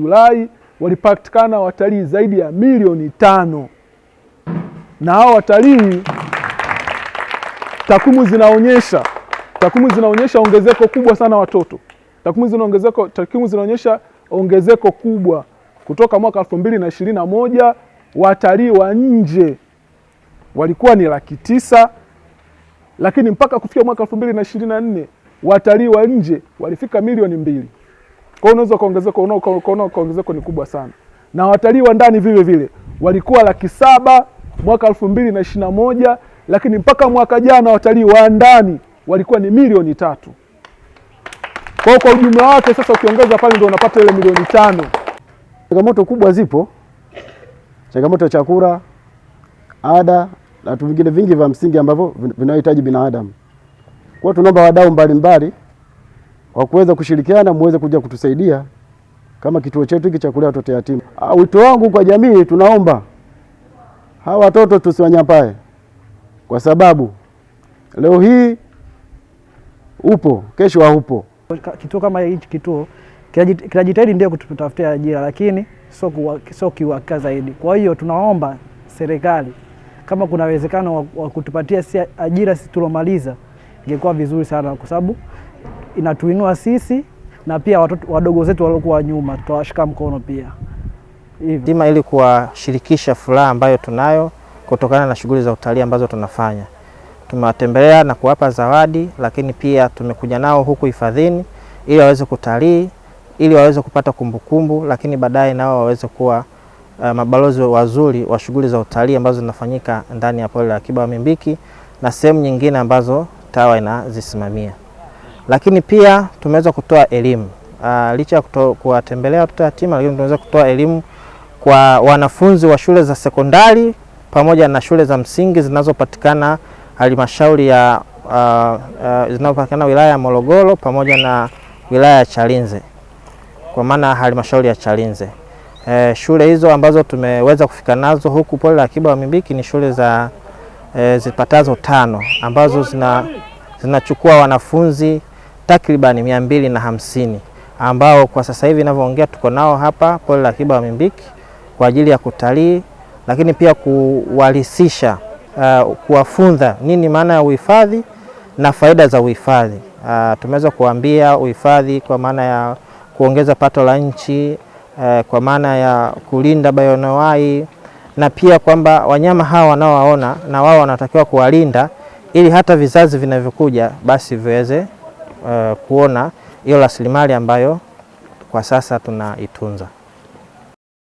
Julai walipatikana watalii zaidi ya milioni tano na hao watalii takwimu zinaonyesha takwimu zinaonyesha ongezeko kubwa sana watoto. Takwimu zinaongezeko takwimu zinaonyesha ongezeko kubwa kutoka mwaka elfu mbili na ishirini na moja watalii wa nje walikuwa ni laki tisa lakini mpaka kufikia mwaka elfu mbili na ishirini na nne watalii wa nje walifika milioni mbili. Kwa hiyo unaweza kuongezeko unaoona kuongezeko ni kubwa sana, na watalii wa ndani vile vile walikuwa laki saba mwaka elfu mbili na ishirini na moja lakini mpaka mwaka jana watalii wa ndani walikuwa ni milioni tatu. Kwa hiyo kwa ujumla wake sasa ukiongeza pale ndio unapata ile milioni tano. Changamoto kubwa zipo, changamoto ya chakula, ada na vitu vingine vingi vya msingi ambavyo vinahitaji binadamu. Kwa hiyo tunaomba wadau mbalimbali wa kuweza kushirikiana, muweze kuja kutusaidia kama kituo chetu hiki cha kulea watoto yatima. Ah, wito wangu kwa jamii, tunaomba hawa watoto tusiwanyapae, kwa sababu leo hii upo, kesho haupo. Kituo kama hichi kituo kinajitahidi ndio kututafutia ajira, lakini sio kiuhakika zaidi. Kwa hiyo tunaomba serikali kama kuna uwezekano wa kutupatia si ajira sisi tulomaliza, ingekuwa vizuri sana kwa sababu inatuinua sisi na pia watoto wadogo zetu waliokuwa nyuma tutawashika mkono pia dima ili kuwashirikisha furaha ambayo tunayo kutokana na shughuli za utalii ambazo tunafanya. Tumewatembelea na kuwapa zawadi, lakini pia tumekuja nao huku hifadhini ili waweze kutalii, ili waweze kupata kumbukumbu kumbu, lakini baadaye nao waweze kuwa uh, mabalozi wazuri wa shughuli za utalii ambazo zinafanyika ndani ya pori la akiba Wamimbiki na sehemu nyingine ambazo TAWA inazisimamia. Lakini pia tumeweza kutoa elimu uh, licha ya kuwatembelea watoto yatima, lakini tumeweza kutoa elimu kwa wanafunzi wa shule za sekondari pamoja na shule za msingi zinazopatikana halmashauri ya uh, uh, zinazopatikana wilaya ya Morogoro pamoja na wilaya ya Chalinze kwa maana halmashauri ya Chalinze. Eh, shule hizo ambazo tumeweza kufika nazo huku Pori la Akiba Wamimbiki ni shule za eh, zipatazo tano ambazo zina, zinachukua wanafunzi takribani mia mbili na hamsini ambao kwa sasa hivi ninavyoongea tuko nao hapa pori la akiba Mimbiki kwa ajili ya kutalii, lakini pia kuwalisisha uh, kuwafunza nini maana ya uhifadhi na faida za uhifadhi. Uh, tumeweza kuambia uhifadhi kwa maana ya kuongeza pato la nchi uh, kwa maana ya kulinda bayonowai na pia kwamba wanyama hawa wanaowaona na wao wanatakiwa kuwalinda ili hata vizazi vinavyokuja basi viweze uh, kuona hiyo rasilimali ambayo kwa sasa tunaitunza.